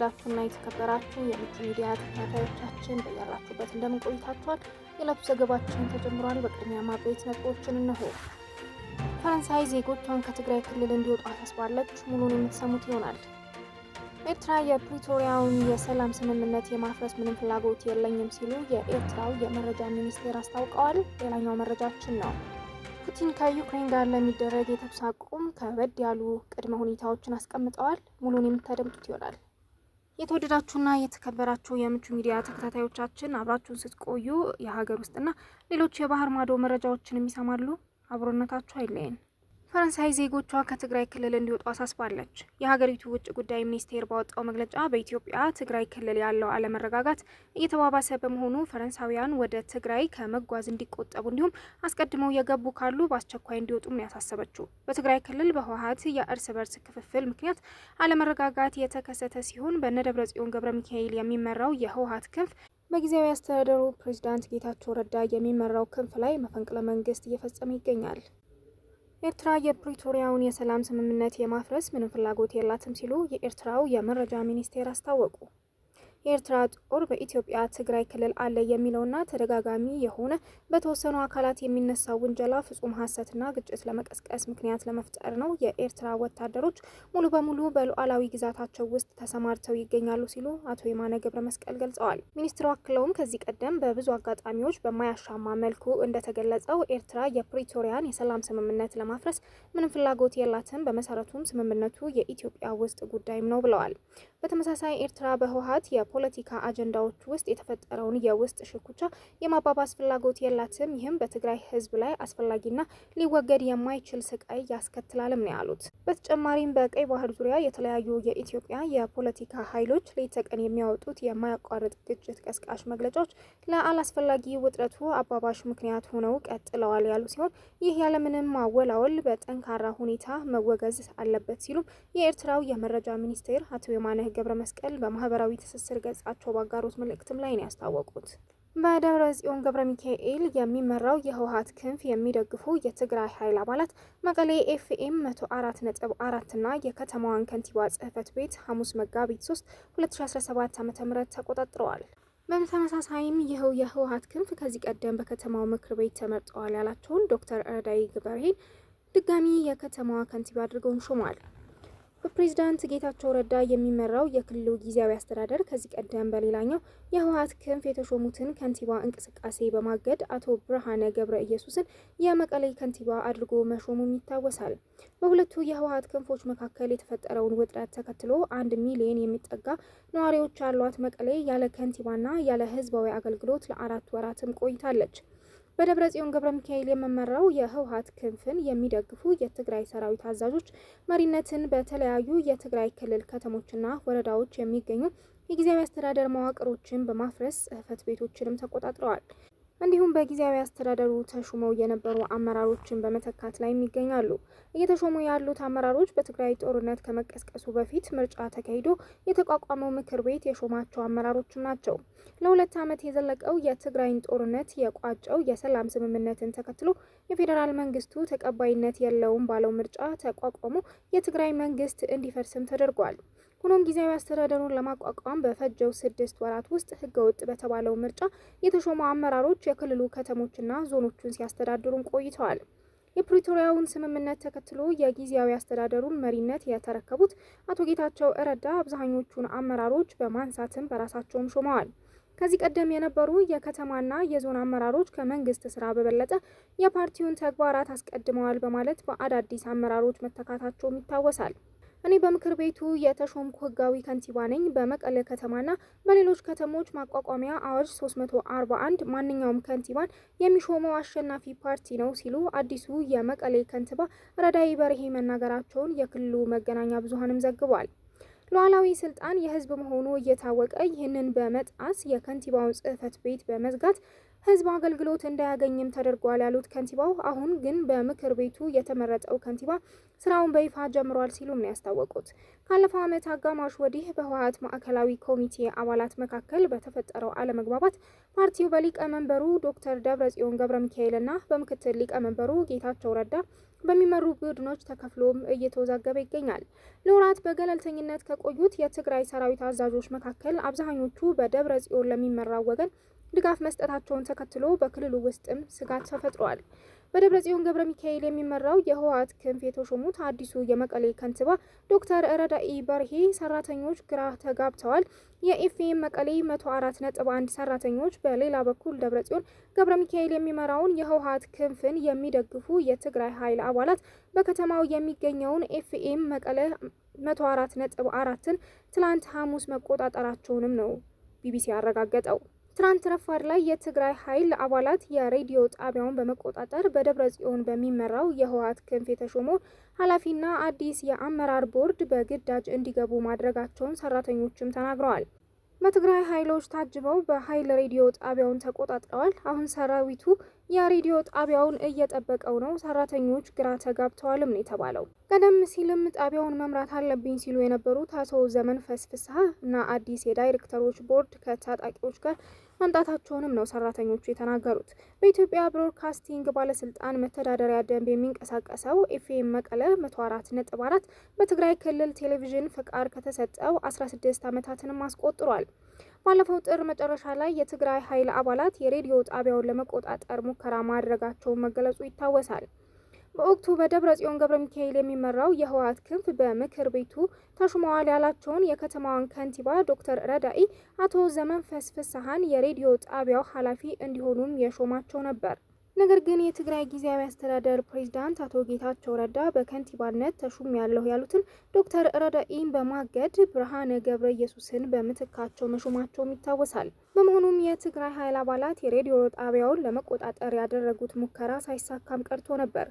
የተወደዳችሁና የተከበራችሁ የምቹ ሚዲያ ተከታታዮቻችን በያላችሁበት እንደምን ቆይታችኋል? የዕለቱ ዘገባችን ተጀምሯል። በቅድሚያ ማብሬት ነጥቦችን እነሆ። ፈረንሳይ ዜጎቿን ከትግራይ ክልል እንዲወጡ አሳስባለች። ሙሉን የምትሰሙት ይሆናል። ኤርትራ የፕሪቶሪያውን የሰላም ስምምነት የማፍረስ ምንም ፍላጎት የለኝም ሲሉ የኤርትራው የመረጃ ሚኒስቴር አስታውቀዋል። ሌላኛው መረጃችን ነው። ፑቲን ከዩክሬን ጋር ለሚደረግ የተኩስ አቁም ከበድ ያሉ ቅድመ ሁኔታዎችን አስቀምጠዋል። ሙሉን የምታደምጡት ይሆናል። የተወደዳችሁና የተከበራችሁ የምቹ ሚዲያ ተከታታዮቻችን አብራችሁን ስትቆዩ የሀገር ውስጥና ሌሎች የባህር ማዶ መረጃዎችን የሚሰማሉ። አብሮነታችሁ አይለየን። ፈረንሳይ ዜጎቿ ከትግራይ ክልል እንዲወጡ አሳስባለች። የሀገሪቱ ውጭ ጉዳይ ሚኒስቴር ባወጣው መግለጫ በኢትዮጵያ ትግራይ ክልል ያለው አለመረጋጋት እየተባባሰ በመሆኑ ፈረንሳውያን ወደ ትግራይ ከመጓዝ እንዲቆጠቡ እንዲሁም አስቀድመው የገቡ ካሉ በአስቸኳይ እንዲወጡም ነው ያሳሰበችው። በትግራይ ክልል በህወሀት የእርስ በርስ ክፍፍል ምክንያት አለመረጋጋት የተከሰተ ሲሆን በነደብረጽዮን ገብረ ሚካኤል የሚመራው የህወሀት ክንፍ በጊዜያዊ አስተዳደሩ ፕሬዚዳንት ጌታቸው ረዳ የሚመራው ክንፍ ላይ መፈንቅለ መንግስት እየፈጸመ ይገኛል። ኤርትራ የፕሪቶሪያውን የሰላም ስምምነት የማፍረስ ምንም ፍላጎት የላትም ሲሉ የኤርትራው የመረጃ ሚኒስቴር አስታወቁ። የኤርትራ ጦር በኢትዮጵያ ትግራይ ክልል አለ የሚለውና ተደጋጋሚ የሆነ በተወሰኑ አካላት የሚነሳ ውንጀላ ፍጹም ሐሰትና ግጭት ለመቀስቀስ ምክንያት ለመፍጠር ነው። የኤርትራ ወታደሮች ሙሉ በሙሉ በሉዓላዊ ግዛታቸው ውስጥ ተሰማርተው ይገኛሉ ሲሉ አቶ የማነ ገብረ መስቀል ገልጸዋል። ሚኒስትሩ አክለውም ከዚህ ቀደም በብዙ አጋጣሚዎች በማያሻማ መልኩ እንደተገለጸው ኤርትራ የፕሪቶሪያን የሰላም ስምምነት ለማፍረስ ምንም ፍላጎት የላትም፣ በመሰረቱም ስምምነቱ የኢትዮጵያ ውስጥ ጉዳይም ነው ብለዋል። በተመሳሳይ ኤርትራ በህወሀት የፖለቲካ አጀንዳዎች ውስጥ የተፈጠረውን የውስጥ ሽኩቻ የማባባስ ፍላጎት የላትም። ይህም በትግራይ ህዝብ ላይ አስፈላጊና ሊወገድ የማይችል ስቃይ ያስከትላልም ነው ያሉት። በተጨማሪም በቀይ ባህር ዙሪያ የተለያዩ የኢትዮጵያ የፖለቲካ ኃይሎች ሌት ተቀን የሚያወጡት የማያቋርጥ ግጭት ቀስቃሽ መግለጫዎች ለአላስፈላጊ ውጥረቱ አባባሽ ምክንያት ሆነው ቀጥለዋል ያሉ ሲሆን ይህ ያለምንም ማወላወል በጠንካራ ሁኔታ መወገዝ አለበት ሲሉም የኤርትራው የመረጃ ሚኒስቴር አቶ የማነህ ገብረ መስቀል በማህበራዊ ትስስር ገጻቸው ባጋሩት መልእክትም ላይ ነው ያስታወቁት። በደብረ ጽዮን ገብረ ሚካኤል የሚመራው የህወሀት ክንፍ የሚደግፉ የትግራይ ኃይል አባላት መቀሌ ኤፍኤም አራት ና የከተማዋን ከንቲባ ጽህፈት ቤት ሐሙስ መጋቢት 3 2017 ዓ.ም ተቆጣጥረዋል። በተመሳሳይም ይኸው የህወሀት ክንፍ ከዚህ ቀደም በከተማው ምክር ቤት ተመርጠዋል ያላቸውን ዶክተር ረዳይ ግበርሄን ድጋሚ የከተማዋ ከንቲባ አድርገውም ሾሟል። በፕሬዝዳንት ጌታቸው ረዳ የሚመራው የክልሉ ጊዜያዊ አስተዳደር ከዚህ ቀደም በሌላኛው የህወሀት ክንፍ የተሾሙትን ከንቲባ እንቅስቃሴ በማገድ አቶ ብርሃነ ገብረ ኢየሱስን የመቀሌ ከንቲባ አድርጎ መሾሙም ይታወሳል። በሁለቱ የህወሀት ክንፎች መካከል የተፈጠረውን ውጥረት ተከትሎ አንድ ሚሊዮን የሚጠጋ ነዋሪዎች ያሏት መቀሌ ያለ ከንቲባና ያለ ህዝባዊ አገልግሎት ለአራት ወራትም ቆይታለች። በደብረ ጽዮን ገብረ ሚካኤል የሚመራው የህወሀት ክንፍን የሚደግፉ የትግራይ ሰራዊት አዛዦች መሪነትን በተለያዩ የትግራይ ክልል ከተሞችና ወረዳዎች የሚገኙ የጊዜያዊ አስተዳደር መዋቅሮችን በማፍረስ ጽህፈት ቤቶችንም ተቆጣጥረዋል። እንዲሁም በጊዜያዊ አስተዳደሩ ተሹመው የነበሩ አመራሮችን በመተካት ላይ ይገኛሉ። እየተሾሙ ያሉት አመራሮች በትግራይ ጦርነት ከመቀስቀሱ በፊት ምርጫ ተካሂዶ የተቋቋመው ምክር ቤት የሾማቸው አመራሮችም ናቸው። ለሁለት ዓመት የዘለቀው የትግራይን ጦርነት የቋጨው የሰላም ስምምነትን ተከትሎ የፌዴራል መንግስቱ ተቀባይነት የለውም ባለው ምርጫ ተቋቋሞ የትግራይ መንግስት እንዲፈርስም ተደርጓል። ሆኖም ጊዜያዊ አስተዳደሩን ለማቋቋም በፈጀው ስድስት ወራት ውስጥ ህገወጥ በተባለው ምርጫ የተሾሙ አመራሮች የክልሉ ከተሞችና ዞኖቹን ሲያስተዳድሩም ቆይተዋል። የፕሪቶሪያውን ስምምነት ተከትሎ የጊዜያዊ አስተዳደሩን መሪነት የተረከቡት አቶ ጌታቸው ረዳ አብዛኞቹን አመራሮች በማንሳትም በራሳቸውም ሾመዋል። ከዚህ ቀደም የነበሩ የከተማና የዞን አመራሮች ከመንግስት ስራ በበለጠ የፓርቲውን ተግባራት አስቀድመዋል በማለት በአዳዲስ አመራሮች መተካታቸውም ይታወሳል። እኔ በምክር ቤቱ የተሾምኩ ህጋዊ ከንቲባ ነኝ። በመቀለ ከተማና በሌሎች ከተሞች ማቋቋሚያ አዋጅ 341 ማንኛውም ከንቲባን የሚሾመው አሸናፊ ፓርቲ ነው ሲሉ አዲሱ የመቀሌ ከንቲባ ረዳይ በርሄ መናገራቸውን የክልሉ መገናኛ ብዙሀንም ዘግቧል። ሉዓላዊ ስልጣን የህዝብ መሆኑ እየታወቀ ይህንን በመጣስ የከንቲባውን ጽህፈት ቤት በመዝጋት ህዝብ አገልግሎት እንዳያገኝም ተደርጓል ያሉት ከንቲባው፣ አሁን ግን በምክር ቤቱ የተመረጠው ከንቲባ ስራውን በይፋ ጀምሯል ሲሉም ነው ያስታወቁት። ካለፈው ዓመት አጋማሽ ወዲህ በህወሀት ማዕከላዊ ኮሚቴ አባላት መካከል በተፈጠረው አለመግባባት ፓርቲው በሊቀመንበሩ ዶክተር ደብረጽዮን ገብረ ሚካኤልና በምክትል ሊቀመንበሩ ጌታቸው ረዳ በሚመሩ ቡድኖች ተከፍሎም እየተወዛገበ ይገኛል። ለወራት በገለልተኝነት ከቆዩት የትግራይ ሰራዊት አዛዦች መካከል አብዛኞቹ በደብረ ጽዮን ለሚመራው ወገን ድጋፍ መስጠታቸውን ተከትሎ በክልሉ ውስጥም ስጋት ተፈጥሯል። በደብረጽዮን ገብረ ሚካኤል የሚመራው የህወሓት ክንፍ የተሾሙት አዲሱ የመቀሌ ከንቲባ ዶክተር ረዳኢ በርሄ ሰራተኞች ግራ ተጋብተዋል። የኢፌም መቀሌ 1 ሰራተኞች በሌላ በኩል ደብረጽዮን ገብረ ሚካኤል የሚመራውን የህወሓት ክንፍን የሚደግፉ የትግራይ ኃይል አባላት በከተማው የሚገኘውን ኤፍኤም መቀሌ 4 ን ትላንት ሐሙስ መቆጣጠራቸውንም ነው ቢቢሲ ያረጋገጠው። ትናንት ረፋድ ላይ የትግራይ ኃይል አባላት የሬዲዮ ጣቢያውን በመቆጣጠር በደብረ ጽዮን በሚመራው የህወሀት ክንፍ የተሾሙ ኃላፊና አዲስ የአመራር ቦርድ በግዳጅ እንዲገቡ ማድረጋቸውን ሰራተኞችም ተናግረዋል። በትግራይ ኃይሎች ታጅበው በኃይል ሬዲዮ ጣቢያውን ተቆጣጥረዋል። አሁን ሰራዊቱ የሬዲዮ ጣቢያውን እየጠበቀው ነው። ሰራተኞች ግራ ተጋብተዋልም ነው የተባለው። ቀደም ሲልም ጣቢያውን መምራት አለብኝ ሲሉ የነበሩት አቶ ዘመን ፈስፍሳ እና አዲስ የዳይሬክተሮች ቦርድ ከታጣቂዎች ጋር ማምጣታቸውንም ነው ሰራተኞቹ የተናገሩት። በኢትዮጵያ ብሮድካስቲንግ ባለስልጣን መተዳደሪያ ደንብ የሚንቀሳቀሰው ኤፍኤም መቀለ ነጥ4ት በትግራይ ክልል ቴሌቪዥን ፈቃድ ከተሰጠው 16 ዓመታትንም አስቆጥሯል። ባለፈው ጥር መጨረሻ ላይ የትግራይ ኃይል አባላት የሬዲዮ ጣቢያውን ለመቆጣጠር ሙከራ ማድረጋቸውን መገለጹ ይታወሳል። በወቅቱ በደብረ ጽዮን ገብረ ሚካኤል የሚመራው የህወሓት ክንፍ በምክር ቤቱ ተሹመዋል ያላቸውን የከተማዋን ከንቲባ ዶክተር ረዳኢ አቶ ዘመን ፍስሐን የሬዲዮ ጣቢያው ኃላፊ እንዲሆኑም የሾማቸው ነበር። ነገር ግን የትግራይ ጊዜያዊ አስተዳደር ፕሬዝዳንት አቶ ጌታቸው ረዳ በከንቲባነት ተሹም ያለሁ ያሉትን ዶክተር ረዳኢን በማገድ ብርሃነ ገብረ ኢየሱስን በምትካቸው መሾማቸውም ይታወሳል። በመሆኑም የትግራይ ኃይል አባላት የሬዲዮ ጣቢያውን ለመቆጣጠር ያደረጉት ሙከራ ሳይሳካም ቀርቶ ነበር።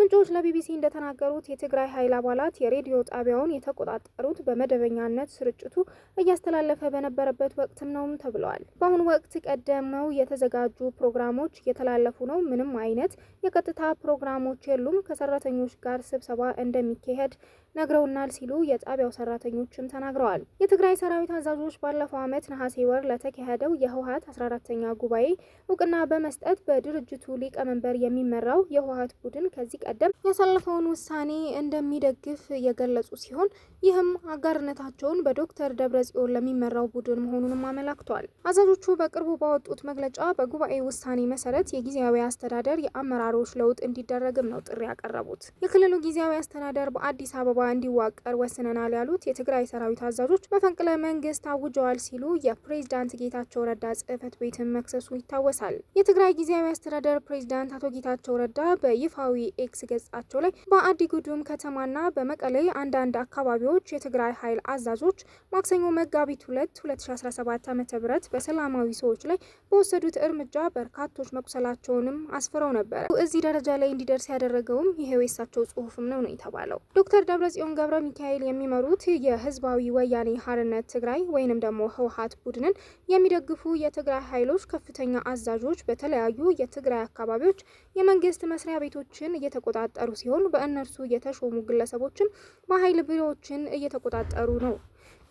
ምንጮች ለቢቢሲ እንደተናገሩት የትግራይ ኃይል አባላት የሬዲዮ ጣቢያውን የተቆጣጠሩት በመደበኛነት ስርጭቱ እያስተላለፈ በነበረበት ወቅት ነውም ተብለዋል። በአሁኑ ወቅት ቀደመው የተዘጋጁ ፕሮግራሞች እየተላለፉ ነው። ምንም አይነት የቀጥታ ፕሮግራሞች የሉም። ከሰራተኞች ጋር ስብሰባ እንደሚካሄድ ነግረውናል ሲሉ የጣቢያው ሰራተኞችም ተናግረዋል። የትግራይ ሰራዊት አዛዦች ባለፈው ዓመት ነሐሴ ወር ለተካሄደው የህወሀት 14ተኛ ጉባኤ እውቅና በመስጠት በድርጅቱ ሊቀመንበር የሚመራው የህወሀት ቡድን ከዚህ ቀደም ያሳለፈውን ውሳኔ እንደሚደግፍ የገለጹ ሲሆን ይህም አጋርነታቸውን በዶክተር ደብረጽዮን ለሚመራው ቡድን መሆኑንም አመላክቷል። አዛዦቹ በቅርቡ ባወጡት መግለጫ በጉባኤ ውሳኔ መሰረት የጊዜያዊ አስተዳደር የአመራሮች ለውጥ እንዲደረግም ነው ጥሪ ያቀረቡት። የክልሉ ጊዜያዊ አስተዳደር በአዲስ አበባ እንዲዋቀር ወስነናል ያሉት የትግራይ ሰራዊት አዛዦች መፈንቅለ መንግስት አውጀዋል ሲሉ የፕሬዝዳንት ጌታቸው ረዳ ጽህፈት ቤትን መክሰሱ ይታወሳል። የትግራይ ጊዜያዊ አስተዳደር ፕሬዝዳንት አቶ ጌታቸው ረዳ በይፋዊ በኤክስ ገጻቸው ላይ በአዲጉዱም ከተማና በመቀሌ አንዳንድ አካባቢዎች የትግራይ ኃይል አዛዦች ማክሰኞ መጋቢት 2 2017 ዓ ም በሰላማዊ ሰዎች ላይ በወሰዱት እርምጃ በርካቶች መቁሰላቸውንም አስፍረው ነበር። እዚህ ደረጃ ላይ እንዲደርስ ያደረገውም ይሄው የሳቸው ጽሁፍም ነው ነው የተባለው። ዶክተር ደብረጽዮን ገብረ ሚካኤል የሚመሩት የህዝባዊ ወያኔ ሀርነት ትግራይ ወይንም ደግሞ ህወሀት ቡድንን የሚደግፉ የትግራይ ኃይሎች ከፍተኛ አዛዦች በተለያዩ የትግራይ አካባቢዎች የመንግስት መስሪያ ቤቶችን እየተ የተቆጣጠሩ ሲሆን በእነርሱ የተሾሙ ግለሰቦችም በኃይል ቢሮዎችን እየተቆጣጠሩ ነው።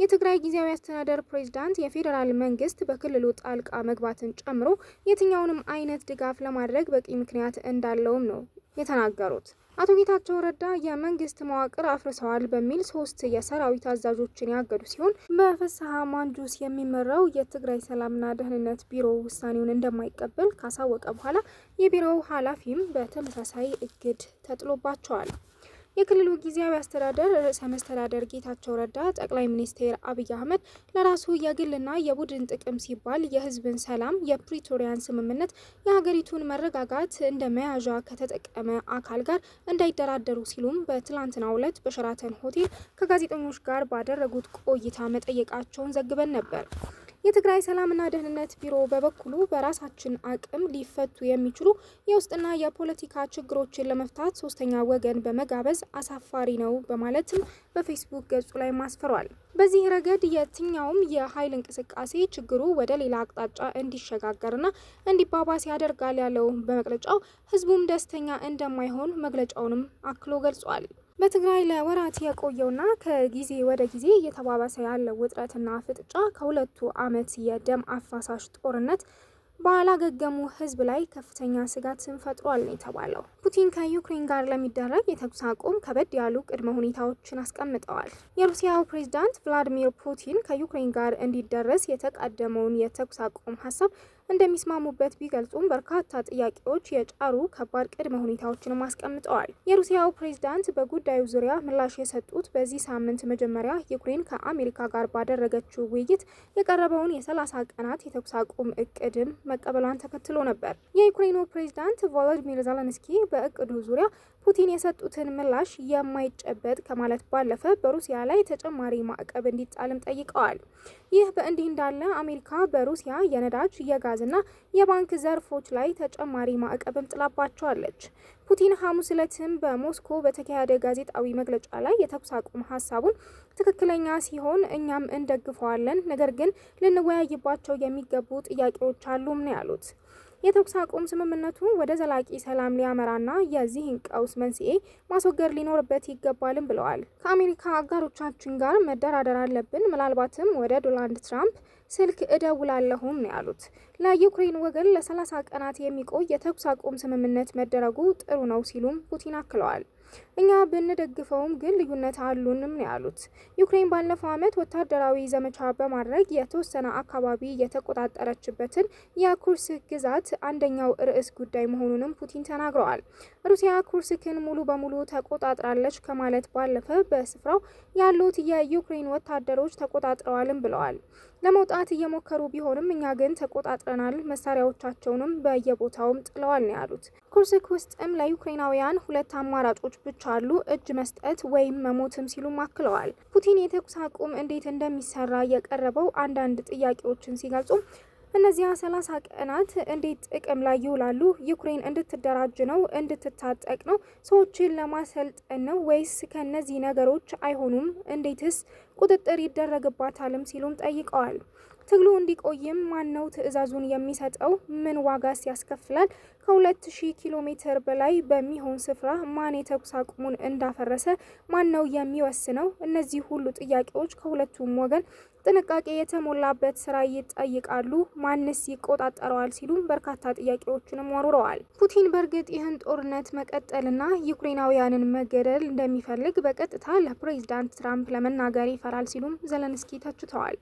የትግራይ ጊዜያዊ አስተዳደር ፕሬዝዳንት የፌዴራል መንግስት በክልሉ ጣልቃ መግባትን ጨምሮ የትኛውንም አይነት ድጋፍ ለማድረግ በቂ ምክንያት እንዳለውም ነው የተናገሩት። አቶ ጌታቸው ረዳ የመንግስት መዋቅር አፍርሰዋል በሚል ሶስት የሰራዊት አዛዦችን ያገዱ ሲሆን በፍስሐ ማንጁስ የሚመራው የትግራይ ሰላምና ደህንነት ቢሮ ውሳኔውን እንደማይቀበል ካሳወቀ በኋላ የቢሮው ኃላፊም በተመሳሳይ እግድ ተጥሎባቸዋል። የክልሉ ጊዜያዊ አስተዳደር ርዕሰ መስተዳደር ጌታቸው ረዳ ጠቅላይ ሚኒስትር አብይ አህመድ ለራሱ የግልና የቡድን ጥቅም ሲባል የህዝብን ሰላም፣ የፕሪቶሪያን ስምምነት፣ የሀገሪቱን መረጋጋት እንደ መያዣ ከተጠቀመ አካል ጋር እንዳይደራደሩ ሲሉም በትላንትናው ዕለት በሸራተን ሆቴል ከጋዜጠኞች ጋር ባደረጉት ቆይታ መጠየቃቸውን ዘግበን ነበር። የትግራይ ሰላምና ደህንነት ቢሮ በበኩሉ በራሳችን አቅም ሊፈቱ የሚችሉ የውስጥና የፖለቲካ ችግሮችን ለመፍታት ሶስተኛ ወገን በመጋበዝ አሳፋሪ ነው በማለትም በፌስቡክ ገጹ ላይ ማስፈሯል። በዚህ ረገድ የትኛውም የኃይል እንቅስቃሴ ችግሩ ወደ ሌላ አቅጣጫ እንዲሸጋገርና እንዲባባስ ያደርጋል ያለው በመግለጫው ህዝቡም ደስተኛ እንደማይሆን መግለጫውንም አክሎ ገልጿል። በትግራይ ለወራት የቆየውና ከጊዜ ወደ ጊዜ እየተባባሰ ያለው ውጥረትና ፍጥጫ ከሁለቱ ዓመት የደም አፋሳሽ ጦርነት ባላገገሙ ህዝብ ላይ ከፍተኛ ስጋትን ፈጥሯል ነው የተባለው። ፑቲን ከዩክሬን ጋር ለሚደረግ የተኩስ አቁም ከበድ ያሉ ቅድመ ሁኔታዎችን አስቀምጠዋል። የሩሲያው ፕሬዝዳንት ቭላዲሚር ፑቲን ከዩክሬን ጋር እንዲደረስ የተቃደመውን የተኩስ አቁም ሀሳብ እንደሚስማሙበት ቢገልጹም በርካታ ጥያቄዎች የጫሩ ከባድ ቅድመ ሁኔታዎችንም አስቀምጠዋል። የሩሲያው ፕሬዝዳንት በጉዳዩ ዙሪያ ምላሽ የሰጡት በዚህ ሳምንት መጀመሪያ ዩክሬን ከአሜሪካ ጋር ባደረገችው ውይይት የቀረበውን የ30 ቀናት የተኩስ አቁም እቅድም መቀበሏን ተከትሎ ነበር። የዩክሬኑ ፕሬዝዳንት ቮሎዲሚር ዘለንስኪ በእቅዱ ዙሪያ ፑቲን የሰጡትን ምላሽ የማይጨበጥ ከማለት ባለፈ በሩሲያ ላይ ተጨማሪ ማዕቀብ እንዲጣልም ጠይቀዋል። ይህ በእንዲህ እንዳለ አሜሪካ በሩሲያ የነዳጅ የጋዝና የባንክ ዘርፎች ላይ ተጨማሪ ማዕቀብም ጥላባቸዋለች። ፑቲን ሐሙስ ዕለትም በሞስኮ በተካሄደ ጋዜጣዊ መግለጫ ላይ የተኩስ አቁም ሀሳቡን ትክክለኛ ሲሆን እኛም እንደግፈዋለን፣ ነገር ግን ልንወያይባቸው የሚገቡ ጥያቄዎች አሉም ነው ያሉት። የተኩስ አቁም ስምምነቱ ወደ ዘላቂ ሰላም ሊያመራና የዚህን ቀውስ መንስኤ ማስወገድ ሊኖርበት ይገባልም ብለዋል። ከአሜሪካ አጋሮቻችን ጋር መደራደር አለብን፣ ምናልባትም ወደ ዶናልድ ትራምፕ ስልክ እደውላለሁም ነው ያሉት። ለዩክሬን ወገን ለሰላሳ ቀናት የሚቆይ የተኩስ አቁም ስምምነት መደረጉ ጥሩ ነው ሲሉም ፑቲን አክለዋል። እኛ ብንደግፈውም ግን ልዩነት አሉንም ነው ያሉት። ዩክሬን ባለፈው ዓመት ወታደራዊ ዘመቻ በማድረግ የተወሰነ አካባቢ የተቆጣጠረችበትን የኩርስክ ግዛት አንደኛው ርዕስ ጉዳይ መሆኑንም ፑቲን ተናግረዋል። ሩሲያ ኩርስክን ሙሉ በሙሉ ተቆጣጥራለች ከማለት ባለፈ በስፍራው ያሉት የዩክሬን ወታደሮች ተቆጣጥረዋልም ብለዋል። ለመውጣት እየሞከሩ ቢሆንም እኛ ግን ተቆጣጥረ ተቆጣጥረናል፣ መሳሪያዎቻቸውንም በየቦታውም ጥለዋል ነው ያሉት። ኩርስክ ውስጥም ለዩክሬናውያን ሁለት አማራጮች ብቻ አሉ፣ እጅ መስጠት ወይም መሞትም ሲሉም አክለዋል። ፑቲን የተኩስ አቁም እንዴት እንደሚሰራ የቀረበው አንዳንድ ጥያቄዎችን ሲገልጹ እነዚያ ሰላሳ ቀናት እንዴት ጥቅም ላይ ይውላሉ? ዩክሬን እንድትደራጅ ነው? እንድትታጠቅ ነው? ሰዎችን ለማሰልጠን ነው ወይስ ከእነዚህ ነገሮች አይሆኑም? እንዴትስ ቁጥጥር ይደረግባታልም ሲሉም ጠይቀዋል። ትግሉ እንዲቆይም ማነው ትዕዛዙን የሚሰጠው? ምን ዋጋስ ያስከፍላል? ከ2000 ኪሎ ሜትር በላይ በሚሆን ስፍራ ማን የተኩስ አቁሙን እንዳፈረሰ ማን ነው የሚወስነው? እነዚህ ሁሉ ጥያቄዎች ከሁለቱም ወገን ጥንቃቄ የተሞላበት ስራ ይጠይቃሉ። ማንስ ይቆጣጠረዋል? ሲሉም በርካታ ጥያቄዎችንም ወርውረዋል። ፑቲን በእርግጥ ይህን ጦርነት መቀጠልና ዩክሬናውያንን መገደል እንደሚፈልግ በቀጥታ ለፕሬዚዳንት ትራምፕ ለመናገር ይፈራል ሲሉም ዘለንስኪ ተችተዋል።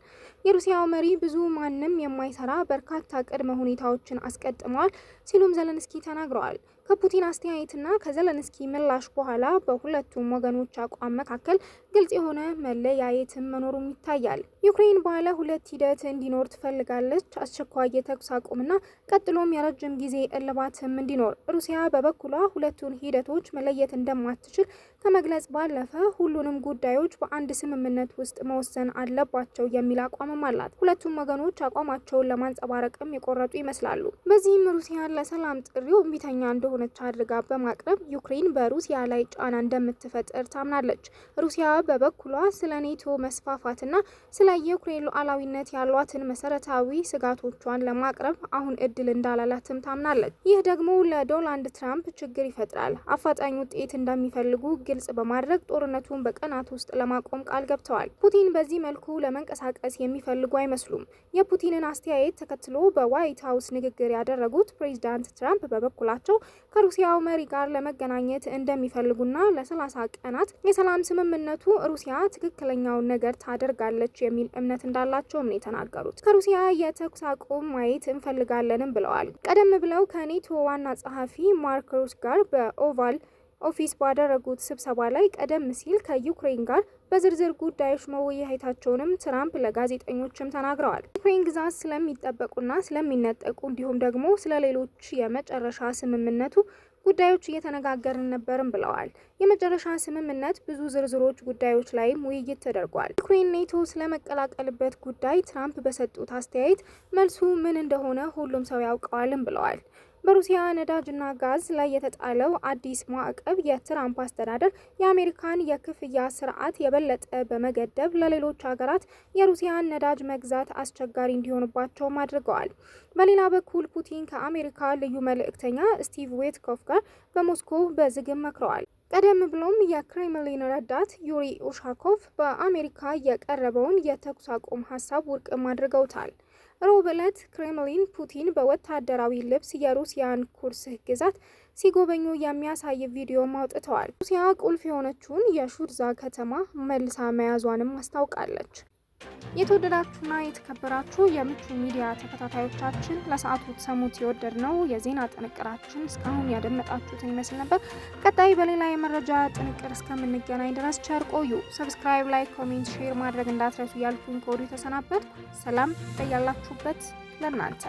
የሩሲያው መሪ ብዙ ማንም የማይሰራ በርካታ ቅድመ ሁኔታዎችን አስቀጥመዋል ሲሉም ዘለንስኪ ተናግረዋል። ከፑቲን አስተያየትና ከዘለንስኪ ምላሽ በኋላ በሁለቱም ወገኖች አቋም መካከል ግልጽ የሆነ መለያየትም መኖሩም ይታያል። ዩክሬን ባለ ሁለት ሂደት እንዲኖር ትፈልጋለች፤ አስቸኳይ የተኩስ አቁምና ቀጥሎም የረጅም ጊዜ እልባትም እንዲኖር። ሩሲያ በበኩሏ ሁለቱን ሂደቶች መለየት እንደማትችል ከመግለጽ ባለፈ ሁሉንም ጉዳዮች በአንድ ስምምነት ውስጥ መወሰን አለባቸው የሚል አቋምም አላት። ሁለቱም ወገኖች አቋማቸውን ለማንጸባረቅም የቆረጡ ይመስላሉ። በዚህም ሩሲያን ለሰላም ጥሪው እምቢተኛ እንደሆነች አድርጋ በማቅረብ ዩክሬን በሩሲያ ላይ ጫና እንደምትፈጥር ታምናለች። ሩሲያ በበኩሏ ስለ ኔቶ መስፋፋትና ስለ የዩክሬን ሉዓላዊነት ያሏትን መሰረታዊ ስጋቶቿን ለማቅረብ አሁን እድል እንዳላላትም ታምናለች። ይህ ደግሞ ለዶናልድ ትራምፕ ችግር ይፈጥራል። አፋጣኝ ውጤት እንደሚፈልጉ ግልጽ በማድረግ ጦርነቱን በቀናት ውስጥ ለማቆም ቃል ገብተዋል። ፑቲን በዚህ መልኩ ለመንቀሳቀስ የሚፈልጉ አይመስሉም። የፑቲንን አስተያየት ተከትሎ በዋይት ሀውስ ንግግር ያደረጉት ፕሬዚዳንት ትራምፕ በበኩላቸው ከሩሲያው መሪ ጋር ለመገናኘት እንደሚፈልጉና ለ30 ቀናት የሰላም ስምምነቱ ሩሲያ ትክክለኛውን ነገር ታደርጋለች የሚል እምነት እንዳላቸውም ነው የተናገሩት። ከሩሲያ የተኩስ አቁም ማየት እንፈልጋለንም ብለዋል። ቀደም ብለው ከኔቶ ዋና ጸሐፊ ማርክ ሩስ ጋር በኦቫል ኦፊስ ባደረጉት ስብሰባ ላይ ቀደም ሲል ከዩክሬን ጋር በዝርዝር ጉዳዮች መወያየታቸውንም ትራምፕ ለጋዜጠኞችም ተናግረዋል። ዩክሬን ግዛት ስለሚጠበቁና ስለሚነጠቁ እንዲሁም ደግሞ ስለ ሌሎች የመጨረሻ ስምምነቱ ጉዳዮች እየተነጋገርን ነበርም ብለዋል። የመጨረሻ ስምምነት ብዙ ዝርዝሮች ጉዳዮች ላይም ውይይት ተደርጓል። ዩክሬን ኔቶ ስለመቀላቀልበት ጉዳይ ትራምፕ በሰጡት አስተያየት መልሱ ምን እንደሆነ ሁሉም ሰው ያውቀዋልም ብለዋል። በሩሲያ ነዳጅና ጋዝ ላይ የተጣለው አዲስ ማዕቀብ የትራምፕ አስተዳደር የአሜሪካን የክፍያ ስርዓት የበለጠ በመገደብ ለሌሎች ሀገራት የሩሲያን ነዳጅ መግዛት አስቸጋሪ እንዲሆንባቸውም አድርገዋል። በሌላ በኩል ፑቲን ከአሜሪካ ልዩ መልእክተኛ ስቲቭ ዌትኮፍ ጋር በሞስኮ በዝግም መክረዋል። ቀደም ብሎም የክሬምሊን ረዳት ዩሪ ኡሻኮቭ በአሜሪካ የቀረበውን የተኩስ አቁም ሀሳብ ውድቅም አድርገውታል። ሮብ ዕለት ክሬምሊን ፑቲን በወታደራዊ ልብስ የሩሲያን ኩርስህ ግዛት ሲጎበኙ የሚያሳይ ቪዲዮም አውጥተዋል። ሩሲያ ቁልፍ የሆነችውን የሹርዛ ከተማ መልሳ መያዟንም አስታውቃለች። የተወደዳችሁና የተከበራችሁ የምቹ ሚዲያ ተከታታዮቻችን ለሰዓቱ ሰሙት የወደድ ነው የዜና ጥንቅራችን እስካሁን ያደመጣችሁትን ይመስል ነበር። ቀጣይ በሌላ የመረጃ ጥንቅር እስከምንገናኝ ድረስ ቸር ቆዩ። ሰብስክራይብ፣ ላይ ኮሜንት፣ ሼር ማድረግ እንዳትረሱ እያልኩኝ ከወዲሁ ተሰናበትኩ። ሰላም በያላችሁበት ለእናንተ